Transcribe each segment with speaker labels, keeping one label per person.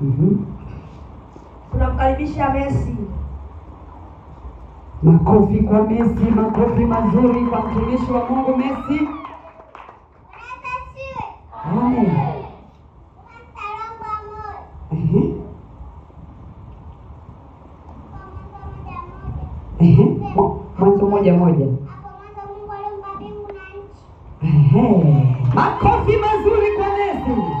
Speaker 1: Mhm.
Speaker 2: tunamkaribisha mm -hmm. Messi.
Speaker 1: Makofi kwa Messi, makofi mazuri kwa mtumishi wa Mungu Messi. Haya. Mwanzo moja moja. Makofi mazuri kwa Messi.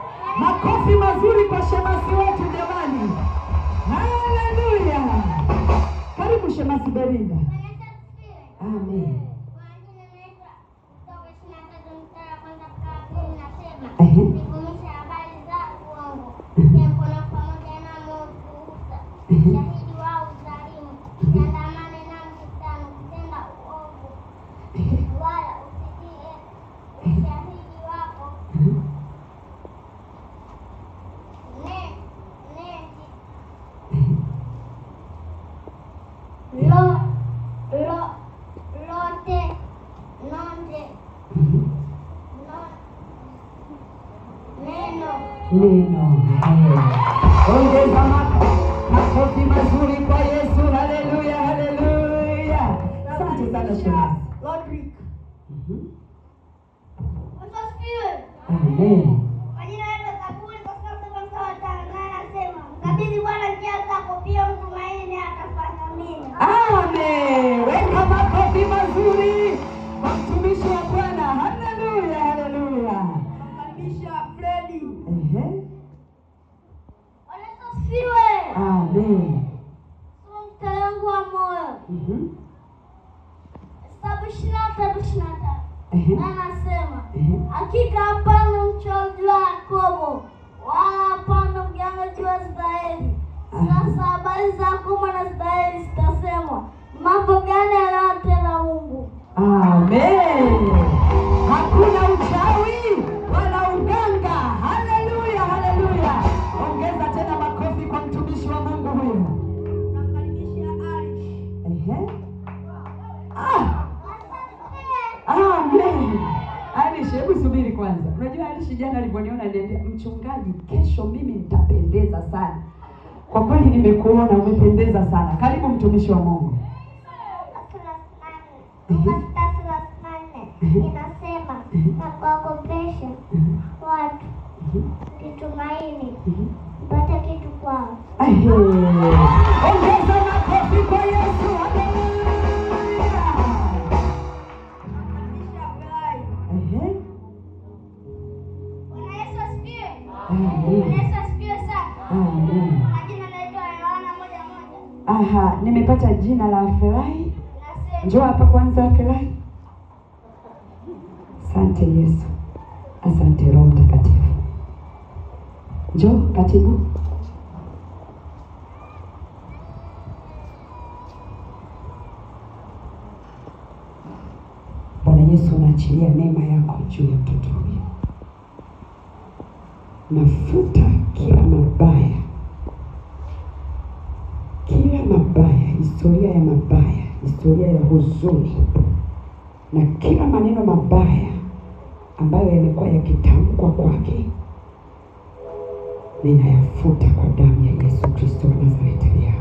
Speaker 1: Makofi mazuri kwa shemasi wetu jamani, haleluya! Karibu shemasi Belinda. Amen. lean on me. Hoy deshamat, hakoti mazuri kwa Yesu. Haleluya, haleluya. Asante sana shema.
Speaker 2: Lord Greek. Mm -hmm. I feel it.
Speaker 1: Amen.
Speaker 2: anasema hakika hapana mchawi wa Yakobo wala hapana mganga wa Israeli. Sasa habari za Yakobo na Israeli zitasemwa, mambo gani yanayotenda Mungu.
Speaker 1: Amen. Hakuna kijana aliponiona niambia, mchungaji, kesho mimi nitapendeza sana. Kwa kweli nimekuona umependeza sana. Karibu mtumishi wa Mungu.
Speaker 3: Inasema na kuwakopesha watu kitumaini kitu kwao.
Speaker 1: Ongeza makofi kwa Yesu. Aha, nimepata jina la Afurahi. Njoo hapa kwanza Afurahi. Asante Yesu. Asante Roho Mtakatifu. Njoo katibu. Bwana Yesu, unaachilia neema yako juu ya mtoto nafuta kila mabaya, kila mabaya, historia ya mabaya, historia ya huzuni na kila maneno mabaya ambayo yamekuwa yakitamkwa kwake, ninayafuta kwa damu ya Yesu Kristo wa Nazareti aliye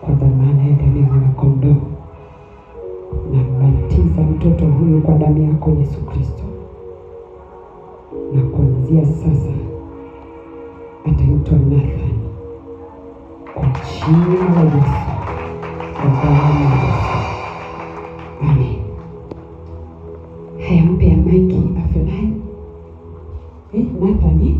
Speaker 1: kwa dhamana ya damu ya mwanakondoo. Nambatiza mtoto huyu kwa damu yako Yesu Kristo na kuanzia sasa ataitwa Nathan kwa jina la Yesu, Haya, mpe ya maiki afurahi. Eh, Nathani eh?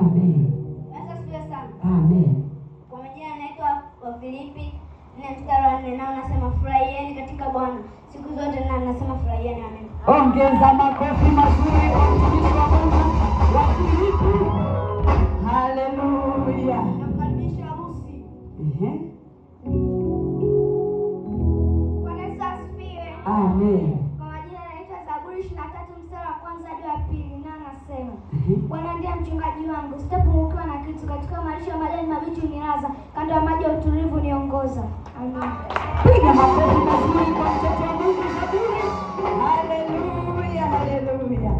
Speaker 1: Amen. Amen.
Speaker 2: Kwa majina anaitwa Wafilipi nne mstari wa nne nao nasema furahieni katika Bwana siku zote, na nasema furahieni. Amen.
Speaker 1: Ongeza makofi mazuri kwa mtumishi wa Mungu.
Speaker 2: kuongoza. Amina.
Speaker 1: Piga makofi mazuri kwa mtoto wa Mungu Zaburi. Haleluya, haleluya.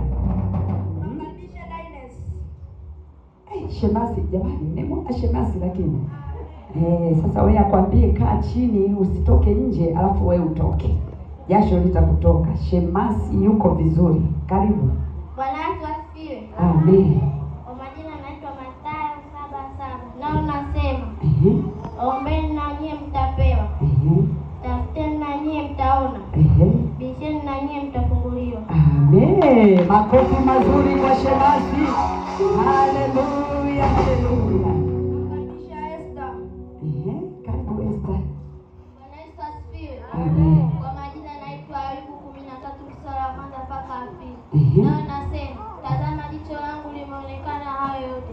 Speaker 1: Hey, shemasi jamani, nimemwona shemasi lakini. Eh, sasa wewe akwambie kaa chini usitoke nje alafu wewe utoke. Jasho litakutoka. Shemasi yuko vizuri. Karibu.
Speaker 2: Bwana asifiwe.
Speaker 1: Amen.
Speaker 2: nanyie mtapewa, mhm. tafuteni nanyie mtaona, mhm. bisheni nanyie mtafunguliwa.
Speaker 1: Amen. Makofi mazuri kwa shemasi. Haleluya, haleluya.
Speaker 2: Mhm. nasema, tazama jicho langu limeonekana hayo yote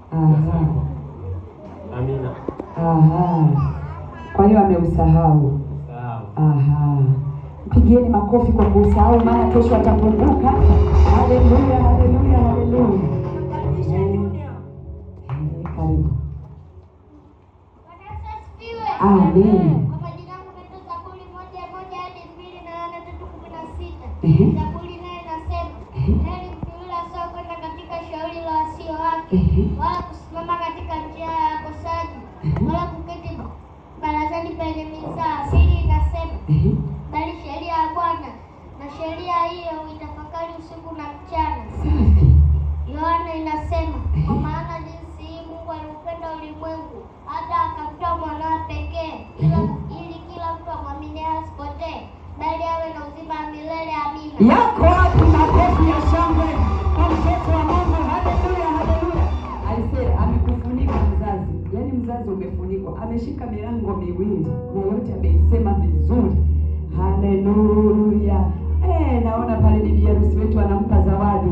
Speaker 4: Amina.
Speaker 1: Aha. Kwa hiyo ameusahau. Aha. Pigieni makofi kwa kuusahau, maana kesho atakumbuka. Haleluya, haleluya, haleluya. Amen.
Speaker 2: bali sheria ya Bwana, na sheria hiyo itafakari usiku na mchana. Yohana inasema kwa maana jinsi hii Mungu aliupenda ulimwengu hata akamtoa mwanawe pekee ili kila mtu amwaminiye asipotee, bali awe na uzima wa milele. Amina.
Speaker 1: Yako ameshika milango miwili na yote ameisema vizuri. Haleluya! Eh, naona pale bibi harusi wetu anampa zawadi.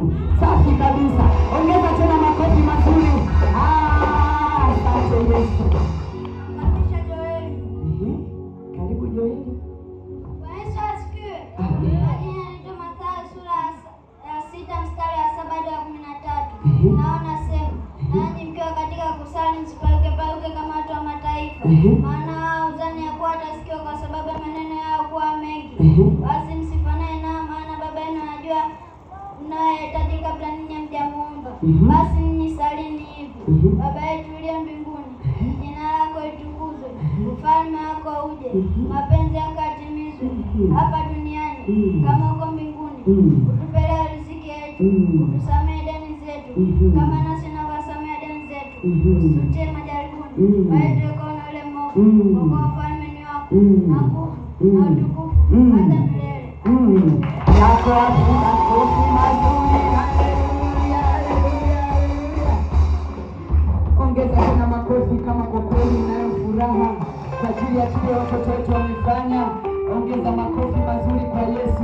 Speaker 1: Mhm. maana
Speaker 2: wao uzani ya kuwa atasikiwa kwa sababu ya maneno yao kuwa mengi. Mhm. Basi msifanane nao, maana Baba yenu anajua mnayohitaji kabla ninyi hamjamuomba. Mhm. Basi ninyi salini hivi: Baba yetu uliye mbinguni, jina lako litukuzwe, ufalme wako uje, mapenzi yako yatimizwe hapa duniani kama huko mbinguni.
Speaker 1: Utupe
Speaker 2: leo riziki yetu, utusamehe deni zetu kama nasi tunavyosamehe deni zetu, usitutie majaribuni, bali tuokoe
Speaker 1: makofi kama inayo furaha kwa ajili ya kile watoto wetu wamefanya. Ongeza makofi mazuri kwa Yesu.